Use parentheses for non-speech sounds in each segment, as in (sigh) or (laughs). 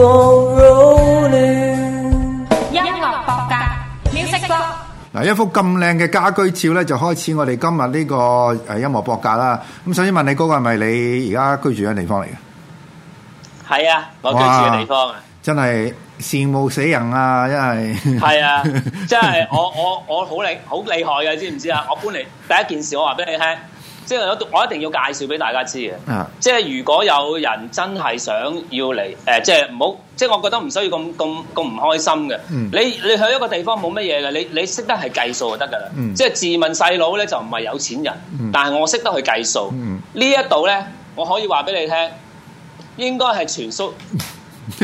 音樂博格，Music Blog。嗱，一幅咁靚嘅家居照咧，就開始我哋今日呢個誒音樂博格啦。咁首先問你，嗰個係咪你而家居住嘅地方嚟嘅？係啊，我居住嘅地方啊，真係羨慕死人啊！真係，係啊，真係我我我好厲好厲害嘅，知唔知啊？我搬嚟第一件事，我話俾你聽。即係我一定要介紹俾大家知嘅，啊、即係如果有人真係想要嚟誒、呃，即係唔好，即係我覺得唔需要咁咁咁唔開心嘅。嗯、你你去一個地方冇乜嘢嘅，你你識得係計數就得㗎啦。嗯、即係自問細佬咧就唔係有錢人，嗯、但係我識得去計數。嗯嗯呢一度咧，我可以話俾你聽，應該係全叔。 (laughs)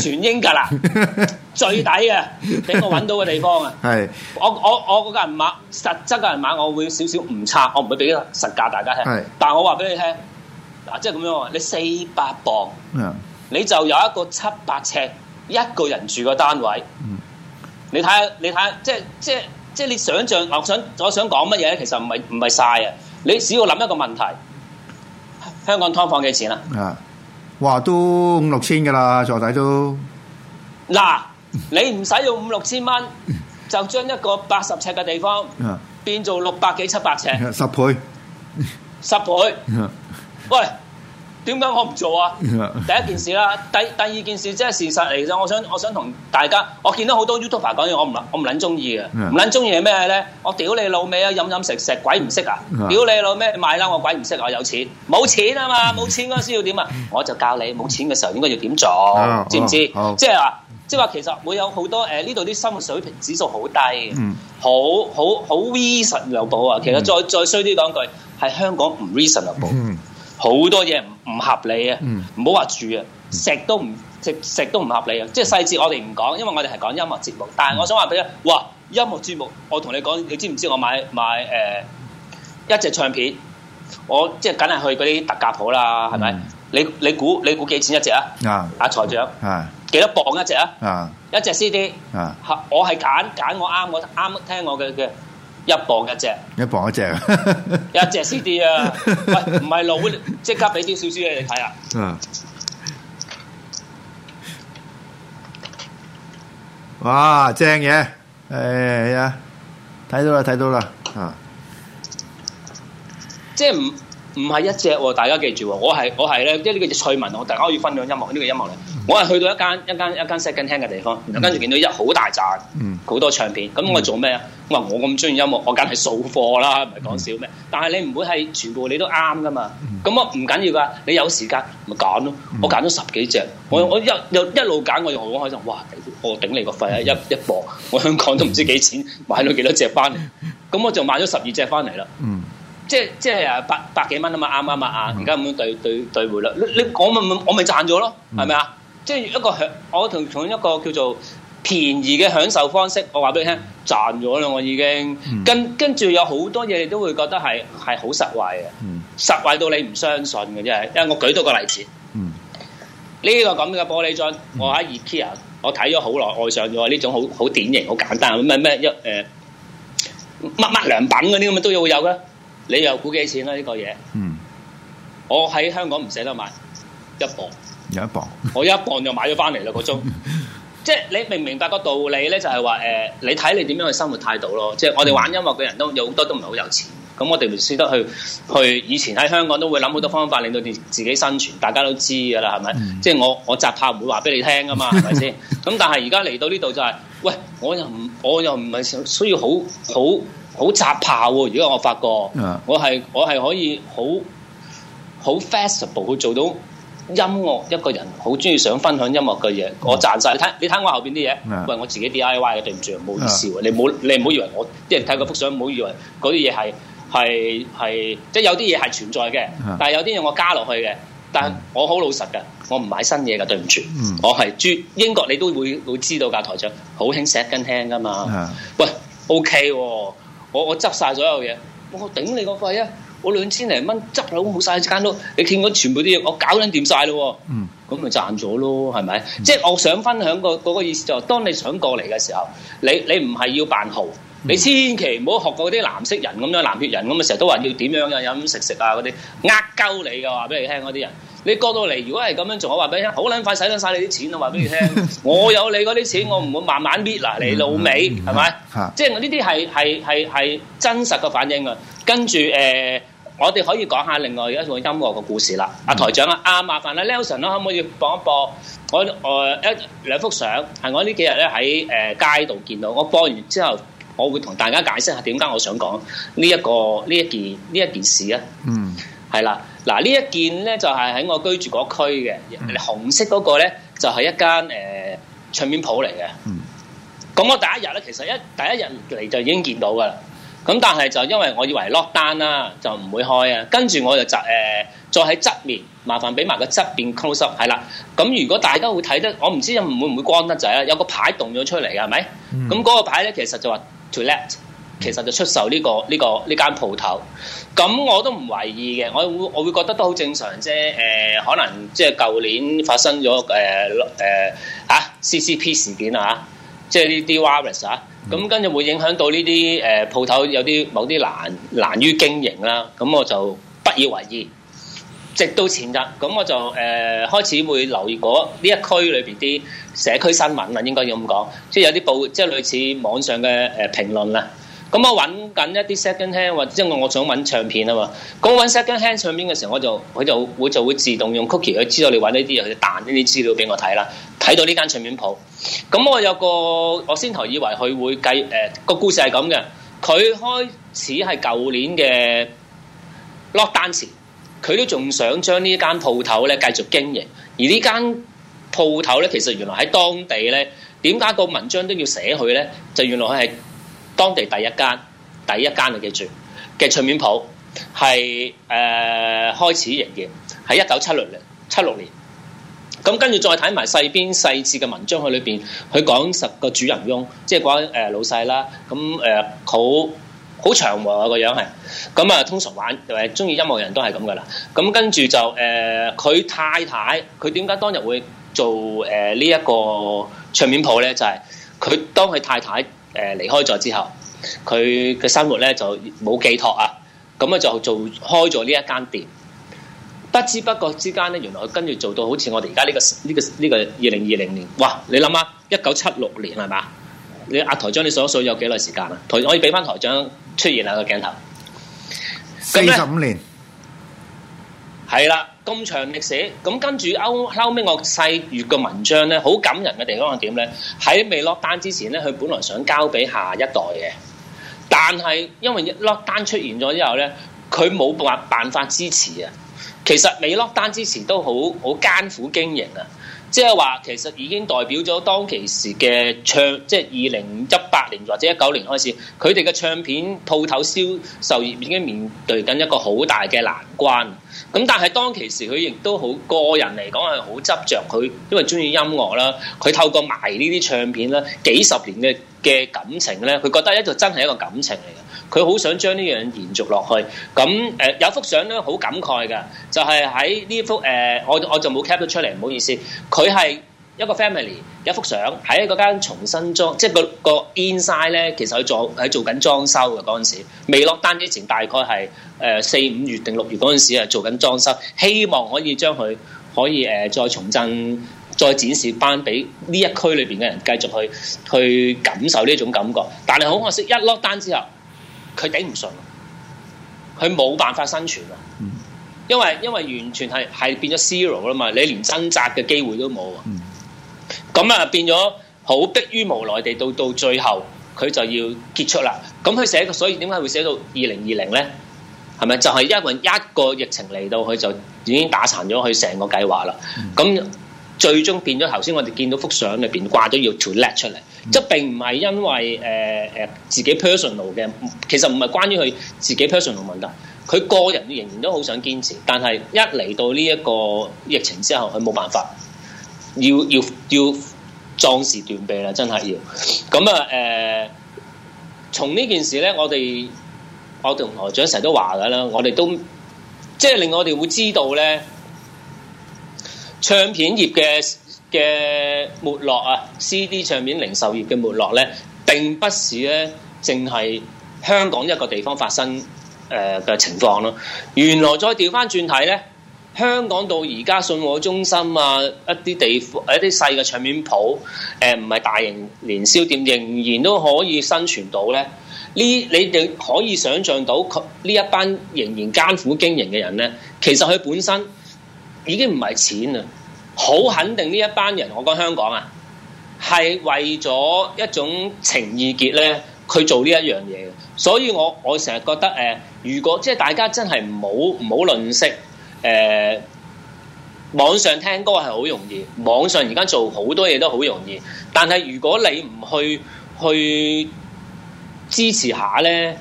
全英噶啦， (laughs) 最抵嘅，俾我揾到嘅地方啊！係 (laughs) 我我我嗰個人買，實質嘅人買，我會少少唔差，我唔會俾實價大家聽。係， (laughs) 但我話俾你聽，嗱，即係咁樣，你四百磅，Yeah. 你就有一個七百尺一個人住嘅單位。Yeah. 你睇下，你睇下，即係即係即係你想象。我想我想講乜嘢其實唔係唔係晒啊！你只要諗一個問題，香港劏房幾錢啊！Yeah. 哇，都五六千噶啦，座底都。嗱， (laughs) 你唔使用，用五六千蚊， (laughs) 就將一個八十尺嘅地方變，變做六百幾、七百尺，十倍，十倍。喂！點解我唔做啊？第一件事啦，第第二件事即係事實嚟嘅。我想我想同大家，我見到好多 YouTuber 講嘢，我唔我唔捻中意嘅。唔捻中意係咩咧？我屌 Yeah. 你老味啊！飲飲食食，食鬼唔識啊！屌 Yeah. 你老咩買啦！買我鬼唔識、啊，我有錢，冇錢啊嘛！冇錢嗰、啊、時 (laughs) 要點啊？我就教你冇錢嘅時候應該要點做，oh, 知唔知？Oh, oh. 即係話，即係話，其實會有好多誒，呢度啲生活水平指數好低，mm. 好好好 reasonable 啊！其實再再衰啲講句，係香港唔 reasonable 好、mm. 多嘢唔。唔合理啊！唔好話住啊，食都唔食食都唔合理啊！即係細節我哋唔講，因為我哋係講音樂節目。但係我想話俾你，哇！音樂節目，我同你講，你知唔知我買買誒、呃、一隻唱片？我即係梗係去嗰啲特價鋪啦，係咪、嗯？你你估你估幾錢一隻啊？啊！阿財長啊？幾啊、多磅一隻啊？啊一隻 CD 啊，啊？我係揀揀我啱我啱聽我嘅嘅。一磅一隻，一磅一隻， (laughs) 一隻 cd 啊！唔係路會即刻畀啲少少嘢你睇啊！嗯、啊，哇，正嘢，誒、哎、呀，睇到啦，睇到啦，啊，即係唔唔係一隻喎、啊，大家記住、啊，我係我係咧，即係呢個趣聞，我大家可以分享音樂呢、呢個音樂嚟。我係去到一間一間一間 second hand 嘅地方，然後跟住見到一好大扎，好多唱片。咁我做咩啊？我話我咁中意音樂，我梗係掃貨啦，唔係講笑咩？但係你唔會係全部你都啱噶嘛？咁我唔緊要噶，你有時間咪揀咯。我揀咗十幾隻，我我一又一路揀，我就好開心。哇！我頂你個肺啊！一一博，我香港都唔知幾錢買咗幾多隻翻嚟，咁我就買咗十二隻翻嚟啦。嗯，即即係啊，百百幾蚊啊嘛，啱啱啊，而家咁樣對對對換啦。你你我咪我咪賺咗咯，係咪啊？即係一個享，我同從一個叫做便宜嘅享受方式，我話俾你聽，賺咗啦，我已經、嗯、跟跟住有好多嘢，你都會覺得係係好實惠嘅，嗯、實惠到你唔相信嘅啫，因為我舉到個例子，呢、嗯、個咁嘅玻璃樽，我喺 IKEA 我睇咗好耐，愛上咗呢種好好典型、好簡單，唔係咩一誒乜乜良品嗰啲咁嘅都要有嘅，你又估幾錢啦、啊？呢、呢個嘢，嗯、我喺香港唔捨得買一磅。有一磅，我一磅就買咗翻嚟啦個鐘。 (laughs) 即係你明唔明白個道理咧？就係話誒，你睇你點樣去生活態度咯。即係我哋玩音樂嘅人都有好多都唔係好有錢。咁我哋咪輸得去去。去以前喺香港都會諗好多方法令到哋自己生存。大家都知噶啦，係咪？ (laughs) 即係我我紮炮唔會話俾你聽噶嘛，係咪先？咁 (laughs) 但係而家嚟到呢度就係、是，喂，我又唔我又唔係需要好好好紮炮。如果我發覺，我係我係可以好好 flexible 去做到。音樂一個人好中意想分享音樂嘅嘢，嗯、我賺晒。你睇你睇我後邊啲嘢，嗯、喂我自己 D I Y 嘅，對唔住唔好意思啊、嗯，你唔好你唔好以為我啲人睇個幅相，唔好以為嗰啲嘢係係係即係有啲嘢係存在嘅、嗯，但係有啲嘢我加落去嘅，但係我好老實嘅，我唔買新嘢嘅，對唔住，嗯、我係住英國你都會會知道㗎，台長好興 second hand 㗎嘛，嗯、喂 O K 喎，我我執晒所有嘢，我、哦、頂你個肺啊！我兩千零蚊執好冇晒之間屋，你見過全部啲嘢，我搞撚掂晒咯，咁咪賺咗咯，係咪？嗯、即係我想分享個嗰個意思就係，當你想過嚟嘅時候，你你唔係要扮豪，你千祈唔好學過啲藍色人咁樣，藍血人咁啊，成日都話要點樣啊，飲飲食食啊嗰啲，呃鳩你嘅話俾你聽嗰啲人。你過到嚟，如果係咁樣，仲我話俾你聽，好撚快洗得晒你啲錢啊！話俾你聽， (laughs) 我有你嗰啲錢，我唔會慢慢搣嗱你老味，係咪？ (laughs) 即係呢啲係係係係真實嘅反應啊！跟住誒。呃我哋可以講下另外一種音樂嘅故事啦，阿、嗯、台長啊，啊麻煩啦 Nelson 呢，Nelson，可唔可以播一播我誒一兩幅相？係我呢幾日咧喺誒街度見到，我播完之後，我會同大家解釋下點解我想講呢、這、一個呢一件呢一件事啊。嗯，係啦，嗱呢一件咧就係、是、喺我居住嗰區嘅，紅色嗰個咧就係、是、一間誒、呃、唱片鋪嚟嘅。嗯，咁我第一日咧，其實一第一日嚟就已經見到噶啦。咁但係就因為我以為 lock 單啦，就唔會開啊。跟住我就就誒、呃、再喺側面，麻煩俾埋個側邊 close up 係啦。咁、嗯、如果大家會睇得，我唔知唔會唔會光得滯啦。有個牌動咗出嚟嘅係咪？咁嗰、嗯、個牌咧，其實就話 too l e t 其實就出售呢、這個呢、這個呢間、這個這個這個、鋪頭。咁、嗯、我都唔懷疑嘅，我會我會覺得都好正常啫。誒、呃，可能即係舊年發生咗誒誒嚇 CCP 事件啊。即係呢啲 virus 啊，咁跟住會影響到呢啲誒鋪頭有啲某啲難難於經營啦，咁我就不以為意。直到前日，咁我就誒、呃、開始會留意過呢一區裏邊啲社區新聞啦、啊，應該要咁講，即係有啲報，即係類似網上嘅誒、呃、評論啦。咁我揾緊一啲 second hand，或者因為我想揾唱片啊嘛。咁揾 second hand 唱片嘅時候，我就佢就會就會自動用 cookie 佢知道你揾呢啲嘢，佢彈呢啲資料俾我睇啦。睇到呢間唱片鋪，咁我有個我先頭以為佢會計誒、呃、個故事係咁嘅。佢開始係舊年嘅 lockdown，佢都仲想將呢間鋪頭咧繼續經營。而呢間鋪頭咧，其實原來喺當地咧，點解個文章都要寫佢咧？就原來佢係。當地第一間、第一間啊，記住嘅唱片鋪，係誒、呃、開始營業，喺一九七六年七六年。咁跟住再睇埋細邊細緻嘅文章裡面，佢裏邊佢講十個主人翁，即係講誒老細啦。咁誒好好長和、啊、個樣係，咁、嗯、啊通常玩誒中意音樂人都係咁噶啦。咁、嗯、跟住就誒佢、呃、太太，佢點解當日會做誒呢一個唱片鋪咧？就係、是、佢當佢太太。誒離開咗之後，佢嘅生活咧就冇寄託啊！咁啊就做開咗呢一間店，不知不覺之間咧，原來佢跟住做到好似我哋而家呢個呢個呢個二零二零年。哇！你諗下，一九七六年係嘛？你阿台長你數數有幾耐時間啊？台，我要俾翻台長出現下個鏡頭。四十五年。係啦。咁長歷史，咁跟住後後尾我細閱個文章咧，好感人嘅地方係點咧？喺未落單之前咧，佢本來想交俾下一代嘅，但係因為一落單出現咗之後咧，佢冇辦辦法支持啊。其實未落單之前都好好艱苦經營啊。即係話，其實已經代表咗當其時嘅唱，即係二零一八年或者一九年開始，佢哋嘅唱片鋪頭銷售業已經面對緊一個好大嘅難關。咁但係當其時，佢亦都好個人嚟講係好執着，佢因為中意音樂啦，佢透過賣呢啲唱片啦，幾十年嘅嘅感情咧，佢覺得咧就真係一個感情嚟嘅。佢好想將呢樣延續落去，咁誒、呃、有幅相咧好感慨嘅，就係喺呢幅誒、呃，我我就冇 capture 出嚟，唔好意思。佢係一個 family 有幅相，喺嗰間重新裝，即係個 inside 咧，其實喺做喺做緊裝修嘅嗰陣時，未落單之前大概係誒四五月定六月嗰陣時啊，做緊裝修，希望可以將佢可以誒、呃、再重振、再展示翻俾呢一區裏邊嘅人繼續去去感受呢種感覺。但係好可惜，一落單之後。佢頂唔順，啊，佢冇辦法生存啊！因為因為完全係係變咗 zero 啦嘛，你連掙扎嘅機會都冇啊！咁啊變咗好迫於無奈地到到最後，佢就要結束啦。咁佢寫所以點解會寫到二零二零咧？係咪就係因為一個疫情嚟到，佢就已經打殘咗佢成個計劃啦。咁最終變咗頭先我哋見到幅相裏邊掛咗要 to let 出嚟。嗯、即並唔係因為誒誒、呃、自己 personal 嘅，其實唔係關於佢自己 personal 問題，佢個人仍然都好想堅持，但係一嚟到呢一個疫情之後，佢冇辦法，要要要壯士斷臂啦，真係要。咁啊誒從呢件事咧，我哋我同台長成日都話噶啦，我哋都,我都即係令我哋會知道咧，唱片業嘅。嘅沒落啊，CD 唱片零售業嘅沒落呢，並不是呢，淨係香港一個地方發生誒嘅、呃、情況咯。原來再調翻轉睇呢，香港到而家信和中心啊，一啲地方，一啲細嘅唱片鋪，誒唔係大型連鎖店，仍然都可以生存到咧。呢，你哋可以想象到，佢呢一班仍然艱苦經營嘅人呢，其實佢本身已經唔係錢啊。好肯定呢一班人，我講香港啊，係為咗一種情意結咧，去做呢一樣嘢嘅。所以我我成日覺得誒、呃，如果即係大家真係唔好唔好吝嗇誒，網上聽歌係好容易，網上而家做好多嘢都好容易。但係如果你唔去去支持下咧，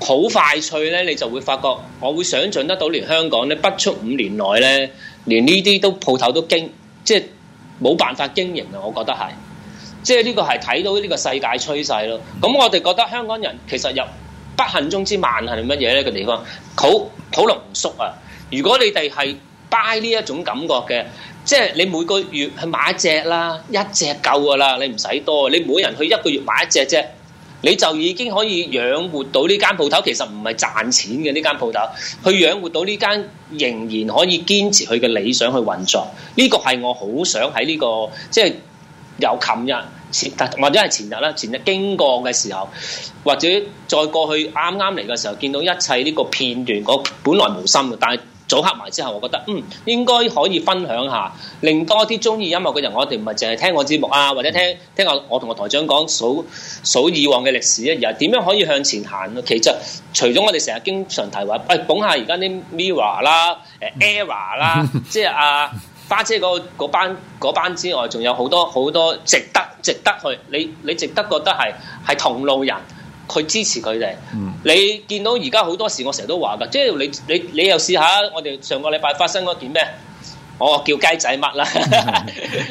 好快脆咧，你就會發覺我會想象得到連香港咧，不出五年內咧。連呢啲都鋪頭都驚，即係冇辦法經營啊！我覺得係，即係呢個係睇到呢個世界趨勢咯。咁我哋覺得香港人其實有不幸中之萬幸係乜嘢呢？個地方好好濃縮啊！如果你哋係 buy 呢一種感覺嘅，即係你每個月去買一隻啦，一隻夠噶啦，你唔使多，你每人去一個月買一隻啫。你就已經可以養活到呢間鋪頭，其實唔係賺錢嘅呢間鋪頭，去養活到呢間仍然可以堅持佢嘅理想去運作。呢、這個係我好想喺呢、這個即係由琴日前或者係前日啦，前日經過嘅時候，或者再過去啱啱嚟嘅時候，見到一切呢個片段，我本來無心嘅，但係。組合埋之後，我覺得嗯應該可以分享下，令多啲鍾意音樂嘅人，我哋唔係淨係聽我節目啊，或者聽聽我我同個台長講數數以往嘅歷史啊，又點樣可以向前行啊？其實除咗我哋成日經常提話，喂、哎、捧下而家啲 Mirror 啦、ERROR 啦、啊，即係啊，花姐嗰班班之外，仲有好多好多值得值得去，你你值得覺得係係同路人。佢支持佢哋，嗯、你見到而家好多事，我成日都話噶，即係你你你又試下，我哋上個禮拜發生嗰件咩？我叫雞仔乜啦？ (laughs)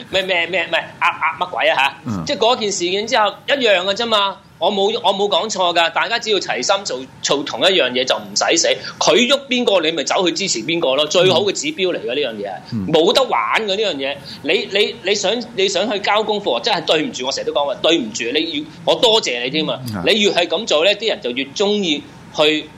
咩咩咩咩呃呃乜鬼啊吓！啊啊啊啊嗯、即係嗰件事件之後一樣嘅啫嘛。我冇我冇講錯噶，大家只要齊心做做同一樣嘢就唔使死。佢喐邊個，你咪走去支持邊個咯。最好嘅指標嚟嘅呢樣嘢，冇得玩嘅呢樣嘢。你你你想你想去交功課，真係對唔住，我成日都講話對唔住。你要我多謝，謝你添啊。嗯、你越係咁做咧，啲人就越中意去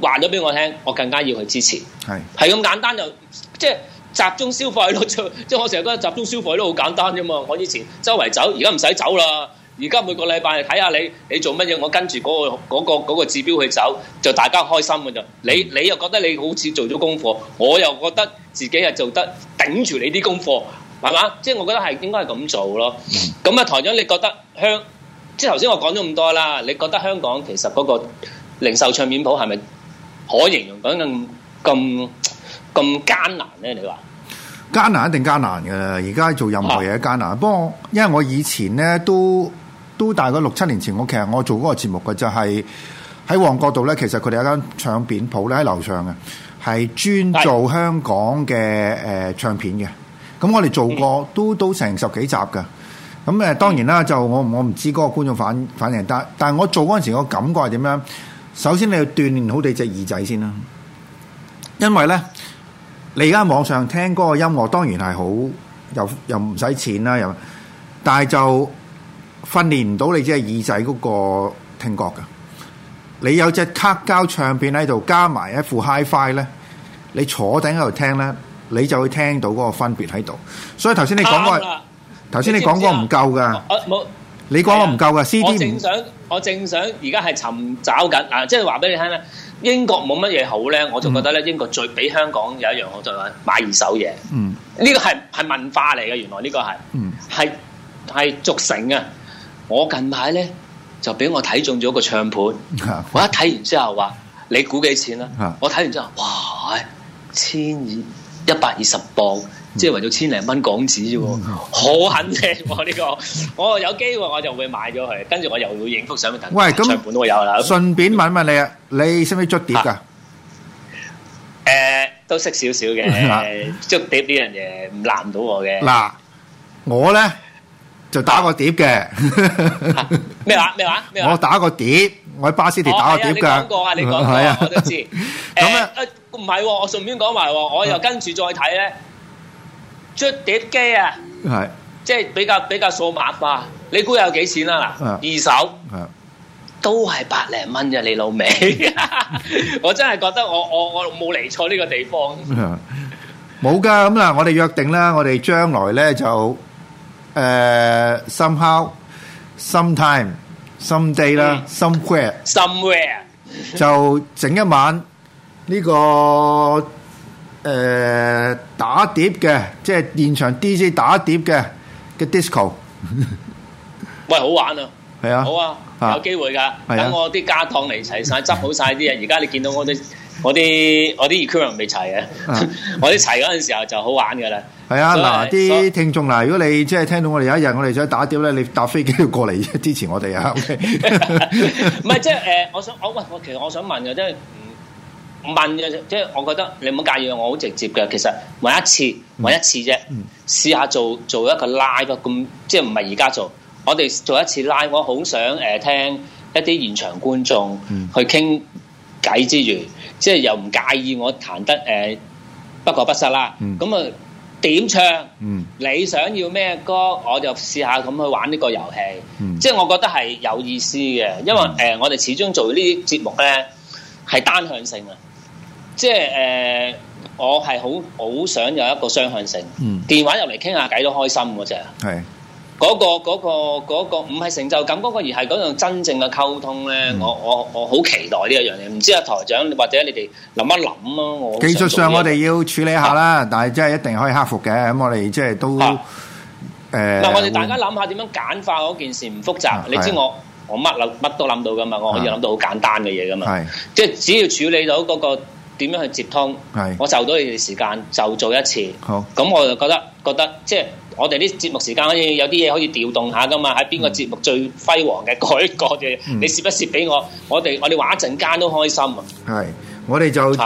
話咗俾我聽，我更加要去支持。係係咁簡單就即係。集中消費咯，即係我成日覺得集中消費都好簡單啫嘛！我以前周圍走，而家唔使走啦。而家每個禮拜睇下你你做乜嘢，我跟住嗰個嗰個嗰個指標去走，就大家開心嘅啫。你你又覺得你好似做咗功課，我又覺得自己係做得頂住你啲功課，係嘛？即係我覺得係應該係咁做咯。咁啊，台長，你覺得香即係頭先我講咗咁多啦，你覺得香港其實嗰個零售唱片鋪係咪可形容講緊咁？咁艱難咧？你話艱難一定艱難嘅，而家做任何嘢艱難。 (noise) 不過，因為我以前咧都都大概六七年前，我其實我做嗰個節目嘅就係、是、喺旺角度咧，其實佢哋有間唱片鋪咧喺樓上嘅，係專做香港嘅誒唱片嘅。咁是、呃呃、我哋做過都都成十幾集㗎。咁誒當然啦，嗯、就我我唔知嗰個觀眾反反應得，但係我做嗰陣時個感覺係點樣？首先你要鍛鍊好你隻耳仔先啦，因為咧。你而家網上聽嗰個音樂當然係好，又又唔使錢啦，又，但係就訓練唔到你只係耳仔嗰個聽覺嘅。你有隻黑膠唱片喺度加埋一副 Hi-Fi 咧，Fi，你坐定喺度聽咧，你就會聽到嗰個分別喺度。所以頭先你講過，頭先了剛才 你講嗰個唔夠㗎、啊。我冇，你講嗰個唔夠㗎。啊、CD 唔夠。我正想，我正想，而家係尋找緊。嗱、啊，即係話俾你聽啦。英國冇乜嘢好咧，我就覺得咧，英國最比香港有一樣好，我就係買二手嘢。嗯，呢個係係文化嚟嘅，原來呢個係，係係俗成啊！我近排咧就俾我睇中咗個唱盤， (laughs) 我一睇完之後話：你估幾錢啦、啊？ (laughs) 我睇完之後，哇，千二一百二十磅。即係為咗千零蚊港紙啫，好肯定我呢個，我有機會我就會買咗佢，跟住我又會影幅相去彈。喂，咁順便問一問你啊，你識唔識捉碟噶？誒，都識少少嘅，捉碟呢樣嘢唔難到我嘅。嗱，我咧就打個碟嘅。咩話？咩話？我打個碟，我喺巴斯蒂打個碟噶。你講過啊？你講過啊，我都知。咁啊？唔係，我順便講埋，我又跟住再睇咧。捽碟機啊，即係比較比較數碼化，你估有幾錢啦嗱？二手都係百零蚊啫，你老味，我真係覺得我我我冇嚟錯呢個地方。冇㗎，咁嗱，我哋約定啦，我哋將來咧就誒，somehow，sometime，someday 啦，somewhere，somewhere 就整一晚呢個。誒、呃，打碟嘅，即係現場 DJ 打碟嘅嘅 disco，喂，好玩啊，係啊，好啊，有機會噶、啊，啊、等我啲家當嚟齊晒，執好晒啲、嗯、啊！而家你見到我啲我啲我啲 equipment 未齊啊！我啲齊嗰陣時候就好玩噶啦。係啊，嗱以，啲喇聽眾嗱，如果你即係聽到我哋有一日我哋想打碟咧，你搭飛機要過嚟支持我哋啊？唔、呃、係，即係誒，我想我喂，我其實我想，實我想問嘅，即係。問嘅，即係我覺得你唔好介意，我好直接嘅。其實玩一次，玩一次啫，試下做做一個 live 咁，即係唔係而家做。我哋做一次 live，我好想誒聽一啲現場觀眾去傾偈之餘，即係又唔介意我彈得誒、呃、不過不失啦。咁啊點唱？嗯、你想要咩歌？我就試下咁去玩呢個遊戲。嗯、即係我覺得係有意思嘅，因為誒、呃、我哋始終做呢啲節目咧係單向性啊。即係誒，我係好好想有一個雙向性。嗯，電話入嚟傾下偈都開心嘅啫。係，嗰個嗰個嗰個唔係成就感嗰個，而係嗰樣真正嘅溝通咧。我我我好期待呢一樣嘢。唔知阿台長或者你哋諗一諗咯。我技術上我哋要處理下啦，但係即係一定可以克服嘅。咁我哋即係都誒。嗱，我哋大家諗下點樣簡化嗰件事，唔複雜。你知我我乜乜都諗到噶嘛？我可以諗到好簡單嘅嘢噶嘛？係，即係只要處理到嗰個。點樣去接通？係，我就到你哋時間就做一次。好，咁我就覺得覺得即係我哋啲節目時間可以有啲嘢可以調動下㗎嘛？喺邊個節目最輝煌嘅改、嗯、一嘅？你攝一攝俾我？我哋我哋玩一陣間都開心啊！係，我哋就誒、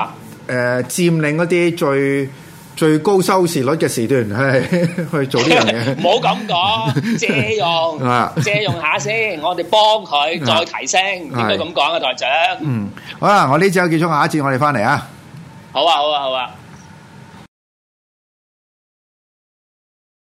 呃、佔領一啲最。最高收視率嘅時段，係 (laughs) 去做呢 (laughs) 樣嘢。唔好咁講，借用， (laughs) 借用下先，我哋幫佢再提升。應該咁講啊，台長的。表嗯，好啊，我呢集結束，下一節我哋翻嚟啊。好啊，好啊，好啊。